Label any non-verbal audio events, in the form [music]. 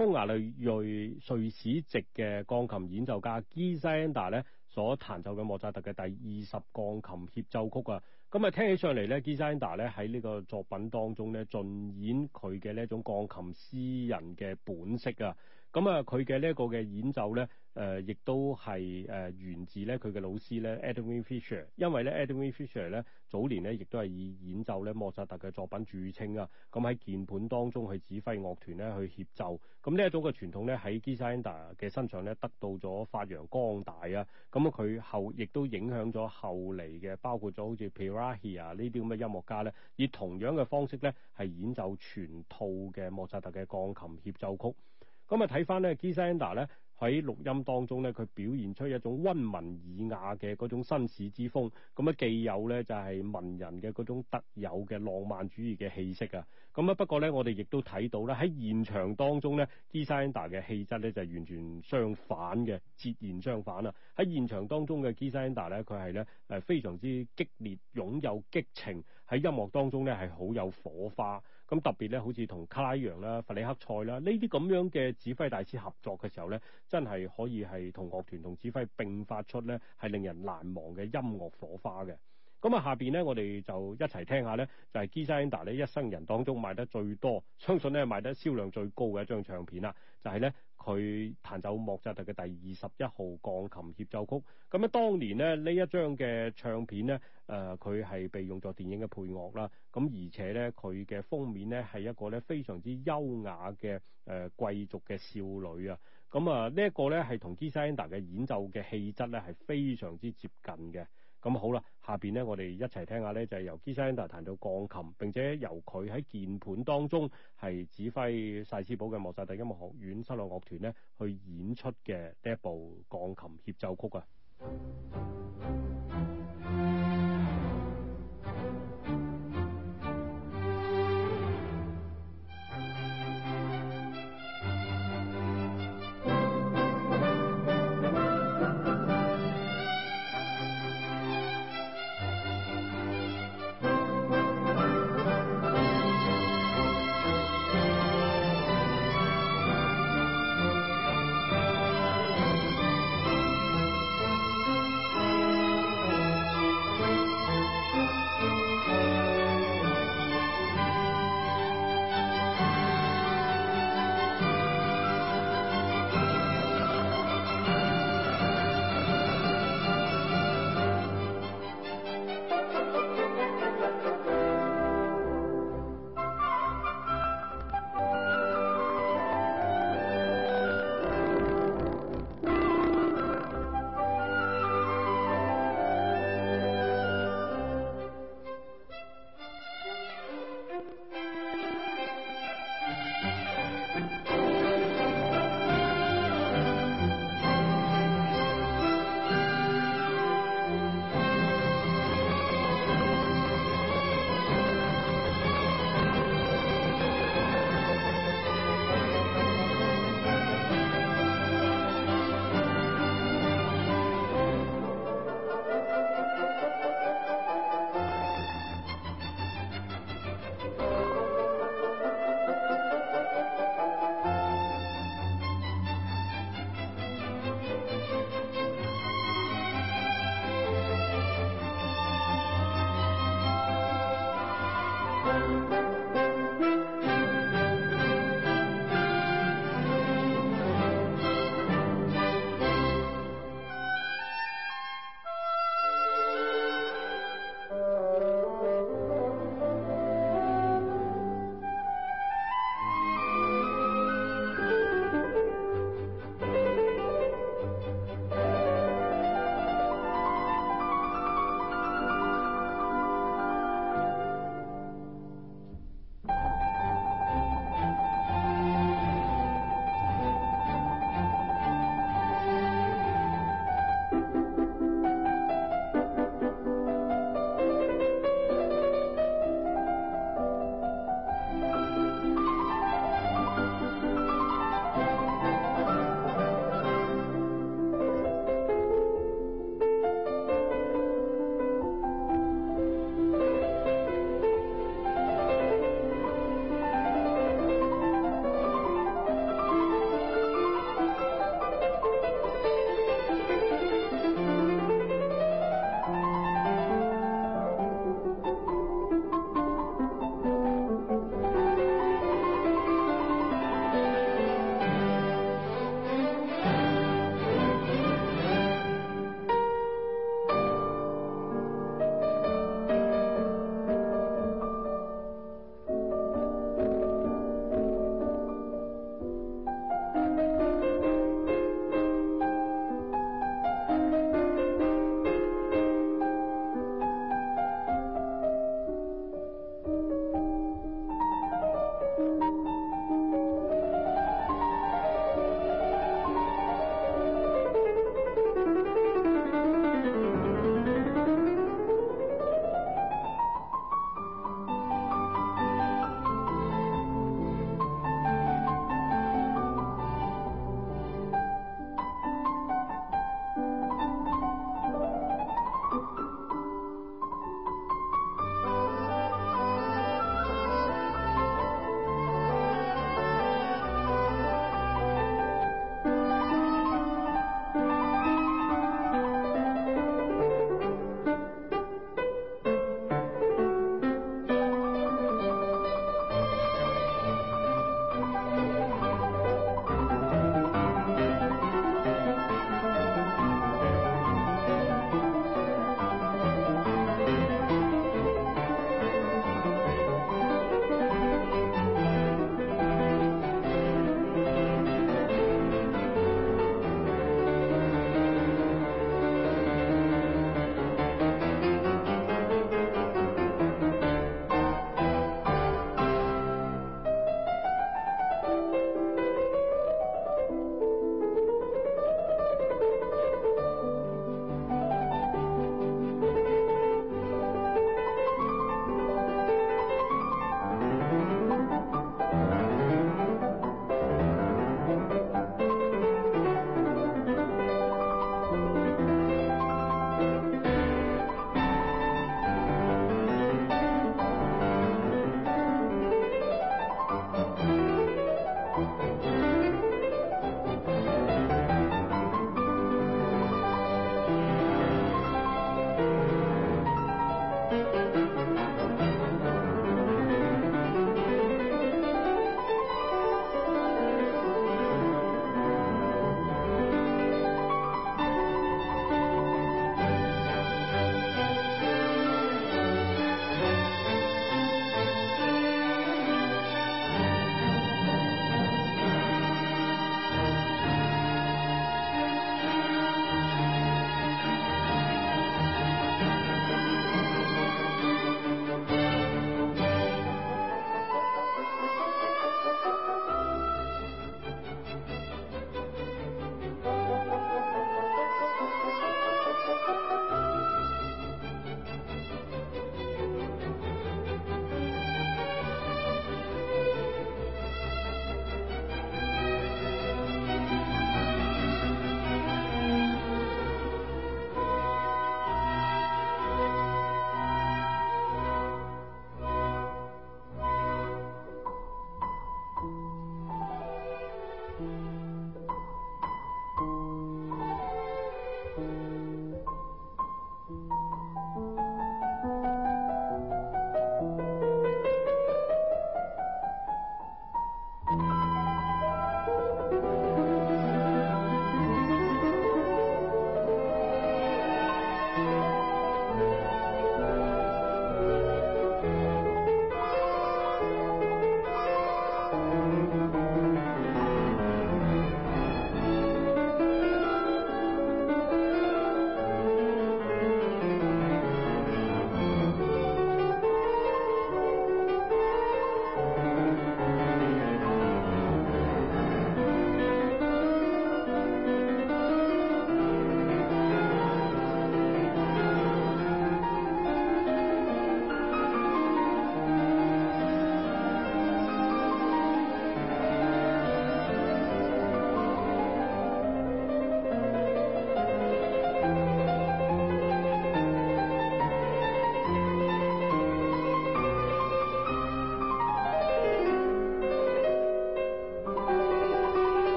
匈牙利裔瑞士籍嘅鋼琴演奏家 Géza Anda 咧，所彈奏嘅莫扎特嘅第二十鋼琴協奏曲啊，咁啊聽起上嚟咧，Géza Anda 咧喺呢個作品當中咧盡演佢嘅呢一種鋼琴詩人嘅本色啊。咁啊，佢嘅呢一個嘅演奏咧，誒，亦都係誒源自咧佢嘅老師咧 Edwin Fischer，因為咧 Edwin Fischer 咧早年咧亦都係以演奏咧莫扎特嘅作品著稱啊。咁喺鍵盤當中指揮樂團去指揮樂團咧，去協奏。咁呢一種嘅傳統咧，喺 Géza Anda 嘅身上咧得到咗發揚光大啊。咁佢後亦都影響咗後嚟嘅，包括咗好似 Perahia 呢啲咁嘅音樂家咧，以同樣嘅方式咧係演奏全套嘅莫扎特嘅鋼琴協奏曲。咁啊睇翻咧 Gisanda 咧喺錄音當中咧，佢表現出一種溫文爾雅嘅嗰種紳士之風，咁啊，既有咧就係文人嘅嗰種特有嘅浪漫主義嘅氣息啊。咁啊，不過咧，我哋亦都睇到咧喺現場當中咧 Gisanda 嘅氣質咧就完全相反嘅，截然相反啊！喺現場當中嘅 Gisanda 咧，佢係咧誒非常之激烈，擁有激情喺音樂當中咧係好有火花。咁特別咧，好似同卡拉揚啦、弗里克賽啦呢啲咁樣嘅指揮大師合作嘅時候咧，真係可以係同樂團同指揮迸發出咧，係令人難忘嘅音樂火花嘅。咁、嗯、啊，下面咧我哋就一齊聽一下咧，就係 Gisela 咧一生人當中賣得最多，相信咧賣得銷量最高嘅一張唱片啦，就係、是、咧。佢彈奏莫扎特嘅第二十一號鋼琴協奏曲，咁咧當年咧呢一張嘅唱片咧，誒佢係被用作電影嘅配樂啦，咁而且咧佢嘅封面咧係一個咧非常之優雅嘅誒、呃、貴族嘅少女啊，咁啊呢一、這個咧係同 Géza Anda 嘅演奏嘅氣質咧係非常之接近嘅。咁好啦，下邊咧我哋一齊聽下咧，就係由 Géza Anda 彈到鋼琴，並且由佢喺鍵盤當中係指揮塞斯堡嘅莫扎特音樂學院室內樂樂團咧，去演出嘅第一部鋼琴協奏曲啊！ [music]